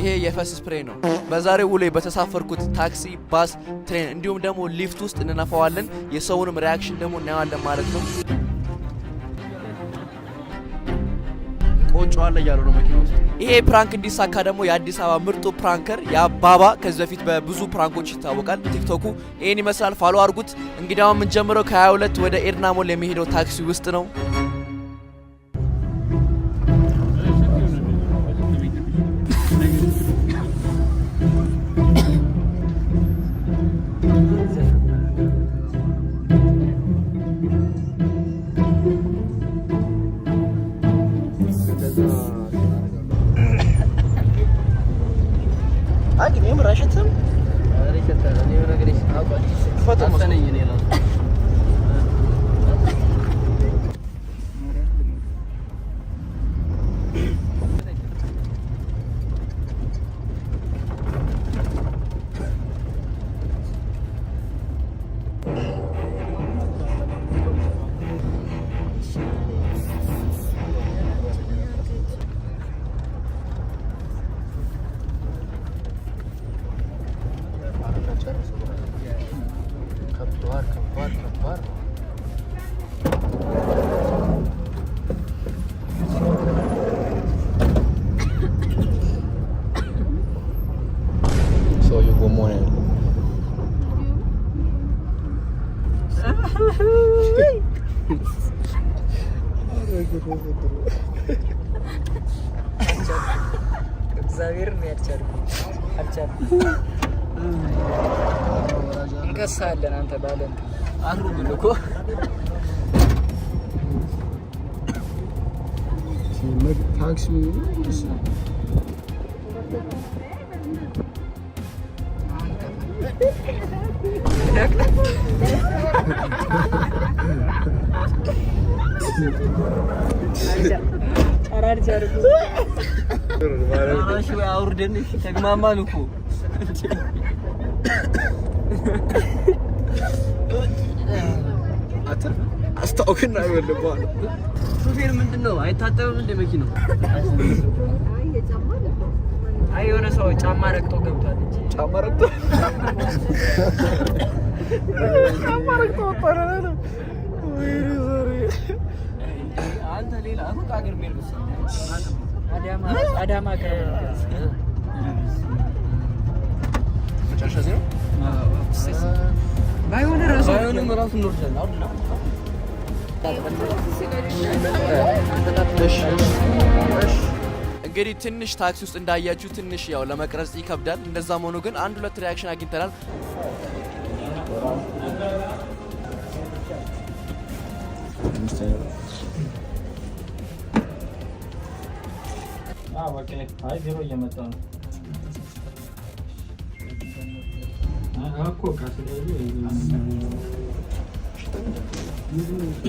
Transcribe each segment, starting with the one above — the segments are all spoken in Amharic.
ይሄ የፈስ ስፕሬይ ነው። በዛሬው ውሎ በተሳፈርኩት ታክሲ፣ ባስ፣ ትሬን እንዲሁም ደግሞ ሊፍት ውስጥ እንነፋዋለን። የሰውንም ሪያክሽን ደግሞ እናየዋለን ማለት ነው። ቆጫዋለ እያሉ ነው መኪና ውስጥ። ይሄ ፕራንክ እንዲሳካ ደግሞ የአዲስ አበባ ምርጡ ፕራንከር የአባባ ከዚህ በፊት በብዙ ፕራንኮች ይታወቃል። ቲክቶኩ ይህን ይመስላል። ፋሎ አድርጉት። እንግዲያውም አሁን የምንጀምረው ከ22 ወደ ኤድና ሞል የሚሄደው ታክሲ ውስጥ ነው። dat anders. zijn in Nederland? ታክሲ አውርደን ተግማማን እኮ አስታውክና ይበልባል ሹፌር ምንድን ነው አይታጠብም እንደ መኪናው? አይ የሆነ ሰው ጫማ ረግጦ ገብቷል ጫማ ረግጦ ጫማ ረግጦ ወጣ አንተ ሌላ ሩቅ አገር ሜል አዳማ መጨረሻ ባይሆን ራሱ ባይሆንም ራሱ አሁን እንግዲህ ትንሽ ታክሲ ውስጥ እንዳያችሁ ትንሽ ያው ለመቅረጽ ይከብዳል። እንደዛም ሆኖ ግን አንድ ሁለት ሪያክሽን አግኝተናል። እየመጣ ah, ነው ተረግጦ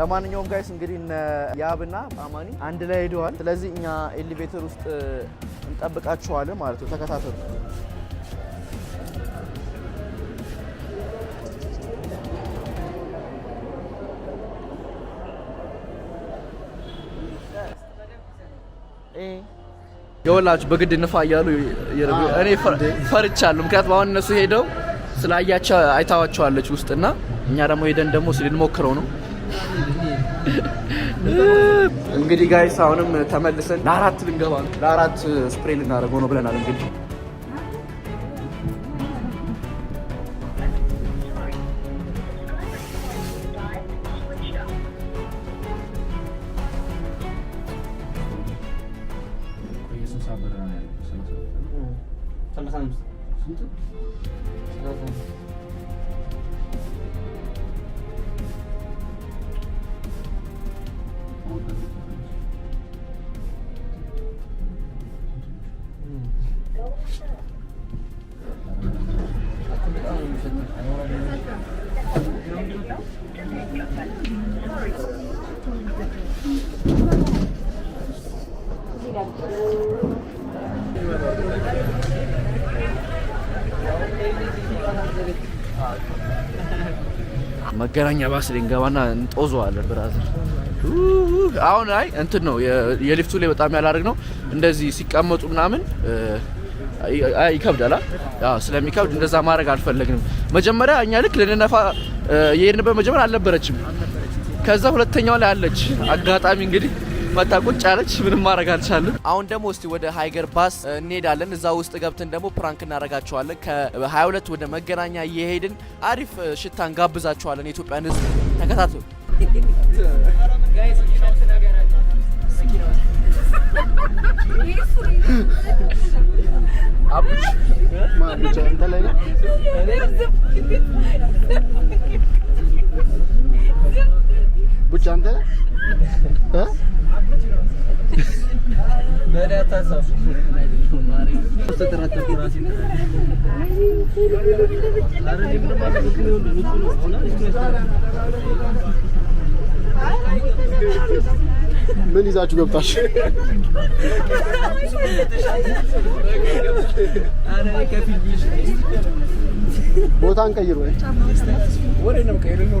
ለማንኛውም ጋይስ እንግዲህ እነ ያብና አማኒ አንድ ላይ ሄደዋል። ስለዚህ እኛ ኤሊቬተር ውስጥ እንጠብቃቸዋለን ማለት ነው። ተከታተሉ። የወላችሁ በግድ ንፋ እያሉ እኔ ፈርቻለሁ። ምክንያቱም አሁን እነሱ ሄደው ስላያቸው አይታዋቸዋለች ውስጥና እኛ ደግሞ ሄደን ደግሞ ስልንሞክረው ነው እንግዲህ ጋይስ አሁንም ተመልሰን ለአራት ልንገባ ነው። ለአራት ስፕሬ ልናደርገው ነው ብለናል እንግዲህ መገናኛ ባስ ላይ እንገባና እንጦዘዋለን። ብራዘር አሁን አይ እንትን ነው የሊፍቱ ላይ በጣም ያላደርግ ነው እንደዚህ ሲቀመጡ ምናምን ይከብዳል። ስለሚከብድ እንደዛ ማድረግ አልፈለግንም። መጀመሪያ እኛ ልክ ልንነፋ የሄድንበት መጀመሪያ አልነበረችም። ከዛ ሁለተኛው ላይ አለች። አጋጣሚ እንግዲህ መታ ቁጭ አለች። ምንም ማድረግ አልቻለም። አሁን ደግሞ እስቲ ወደ ሃይገር ባስ እንሄዳለን። እዛ ውስጥ ገብተን ደግሞ ፕራንክ እናደርጋቸዋለን። ከ22 ወደ መገናኛ እየሄድን አሪፍ ሽታ እንጋብዛቸዋለን። የኢትዮጵያን ህዝብ ተከታተሉ። Bu çanta? ha? Böyle atarsam. ምን ይዛችሁ ገብታችሁ? ቦታ እንቀይር ወይ? ወደ ነው ቀይር ነው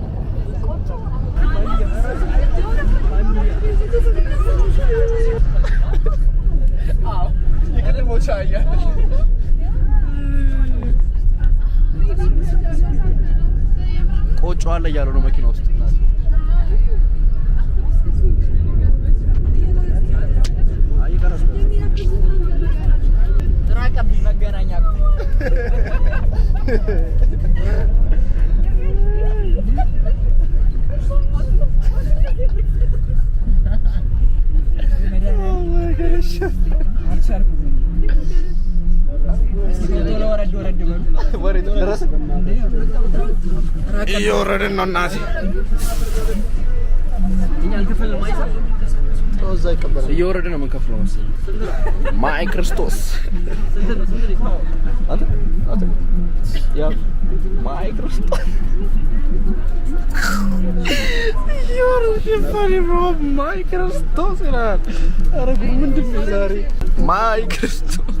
aşağıya. ቆጮ አለ እያሉ ነው መኪና ውስጥ መገናኛ Oh my gosh. ቤት እየወረድን ነው እናቴ እየወረደ ነው የምንከፍለው። ማይ ክርስቶስ ማይ ክርስቶስ ማይ ክርስቶስ ነው ማይ ክርስቶስ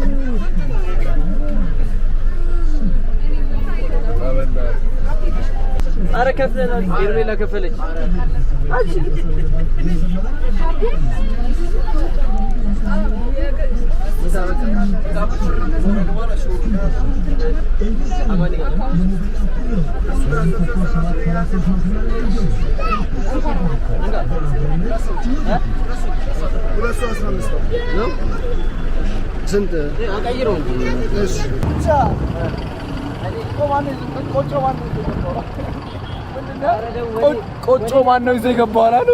አረ ከፍለናል። ሄርሜላ ከፈለች። ስንት አቀይረው ብቻ እኔ እኮ ማን ቆጮ ማን ቆጮ ማን ነው ይዘ የገባው አላሉ።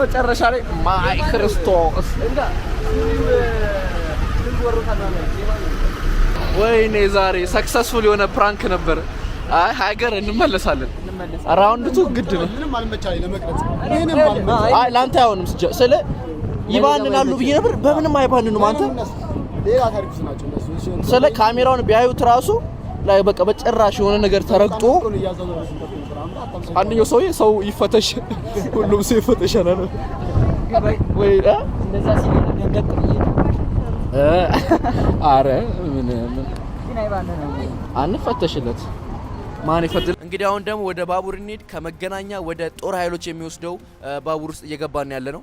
መጨረሻ ላይ ማይ ክርስቶስ ወይኔ ዛሬ ሰክሰስፉል የሆነ ፕራንክ ነበር። አይ ሀገር እንመለሳለን። ራውንድቱ ግድ ነው። ምንም አልመቻለኝ ለመቅረጽ። አይ ላንተ አይሆንም። ስለ ስለ ይባንናሉ ብዬ ነበር። በምንም አይባንኑም። አንተ ስለ ካሜራውን ቢያዩት ራሱ ላይ በቃ በጭራሽ የሆነ ነገር ተረግጦ አንደኛው ሰውዬ ሰው ይፈተሽ፣ ሁሉም ሰው ይፈተሽ አለ ነው ወይ? ኧረ ምን አንፈተሽለት ማን ይፈትል እንግዲህ። አሁን ደግሞ ወደ ባቡር እንሂድ። ከመገናኛ ወደ ጦር ኃይሎች የሚወስደው ባቡር ውስጥ እየገባን ያለ ነው።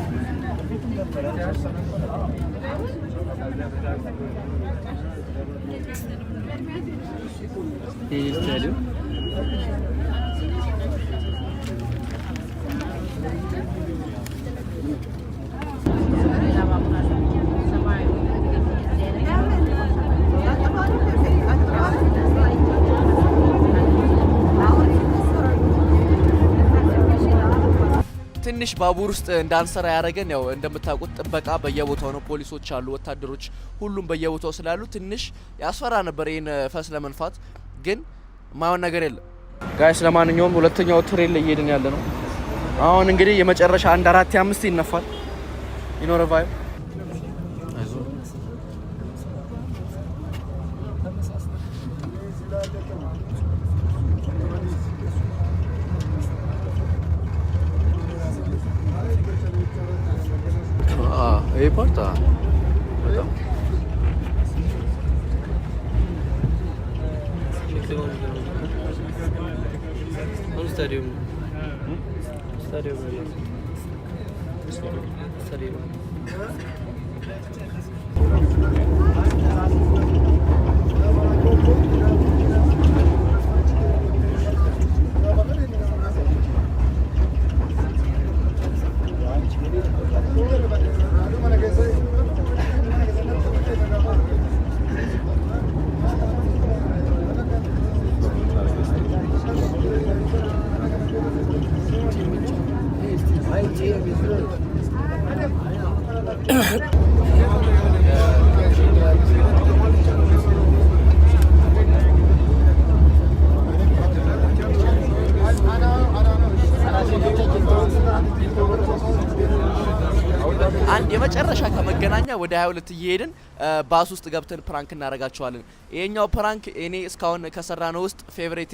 Değil isteyelim. ትንሽ ባቡር ውስጥ እንዳንሰራ ያደረገን ያው እንደምታውቁት ጥበቃ በየቦታው ነው። ፖሊሶች አሉ፣ ወታደሮች፣ ሁሉም በየቦታው ስላሉ ትንሽ ያስፈራ ነበር ይህን ፈስ ለመንፋት። ግን ማየን ነገር የለም ጋይስ። ለማንኛውም ሁለተኛው ትሬል ላይ እየሄድን ያለ ነው። አሁን እንግዲህ የመጨረሻ አንድ አራት አምስት ይነፋል ይኖረ Veio plantar. Então. Onde estaria o meu? estaria o አንድ የመጨረሻ ከመገናኛ ወደ 22 እየሄድን ባስ ውስጥ ገብተን ፕራንክ እናደርጋቸዋለን። ይሄኛው ፕራንክ እኔ እስካሁን ከሰራ ነው ውስጥ ፌቨሬቴ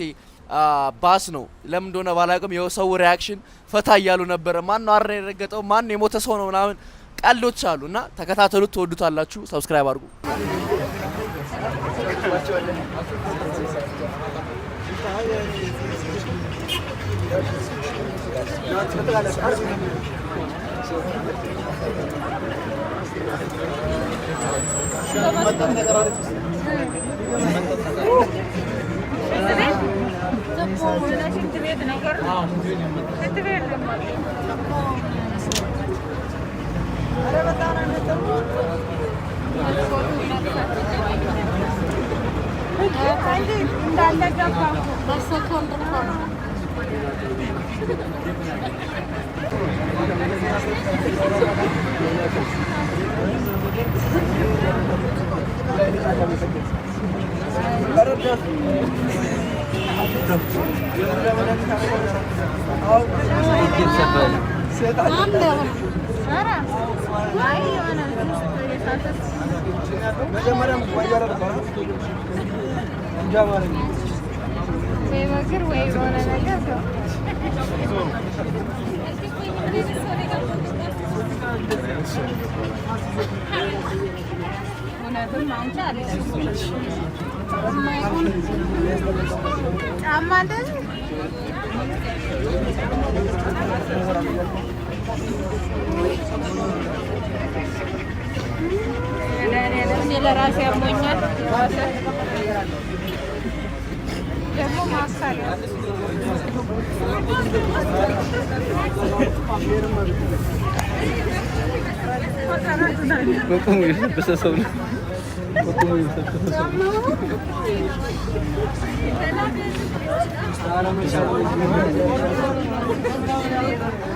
ባስ ነው። ለምን እንደሆነ ባላውቅም የሰው ሪያክሽን ፈታ እያሉ ነበረ። ማን ነው አረ የረገጠው ማን የሞተ ሰው ነው ምናምን ቀልዶች አሉ እና ተከታተሉት፣ ትወዱታላችሁ። ሰብስክራይብ አድርጉ። Şu an maddelerine karar etmişsin. Evet. እውነትም አንቺ አለ የማይሆን ጫማ እንደዚህ ለራሴ ያሞኛል ደግሞ ማሳል በቁሙ የለበሰ ሰው ነው። በቁሙ የለበሰ ሰው ነው።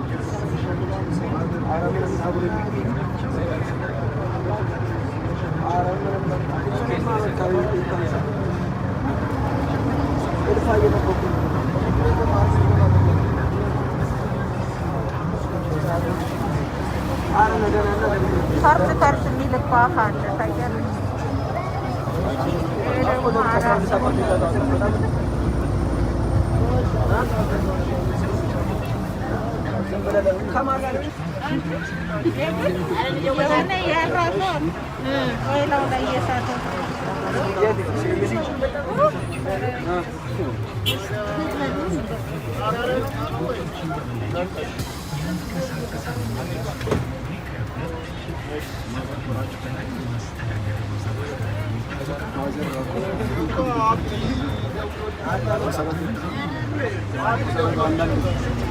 കുറച്ച് കുറച്ച് milk ഓഫാണ് tiger Maharashtra Abi. Abi. Abi. Abi. Abi.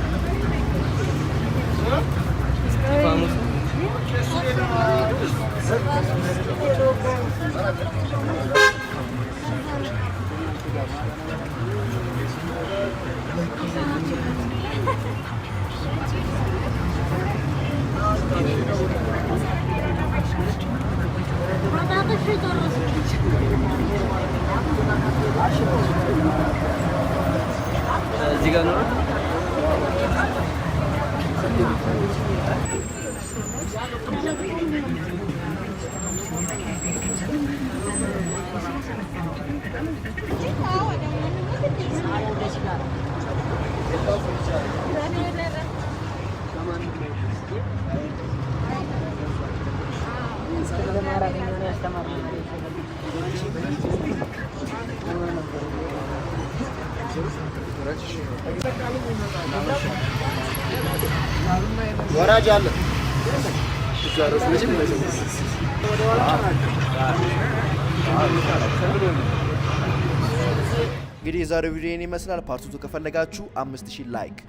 ወራጅ አለ። እንግዲህ የዛሬው ቪዲዮ ይመስላል። ፓርቱ ከፈለጋችሁ አምስት ሺህ ላይክ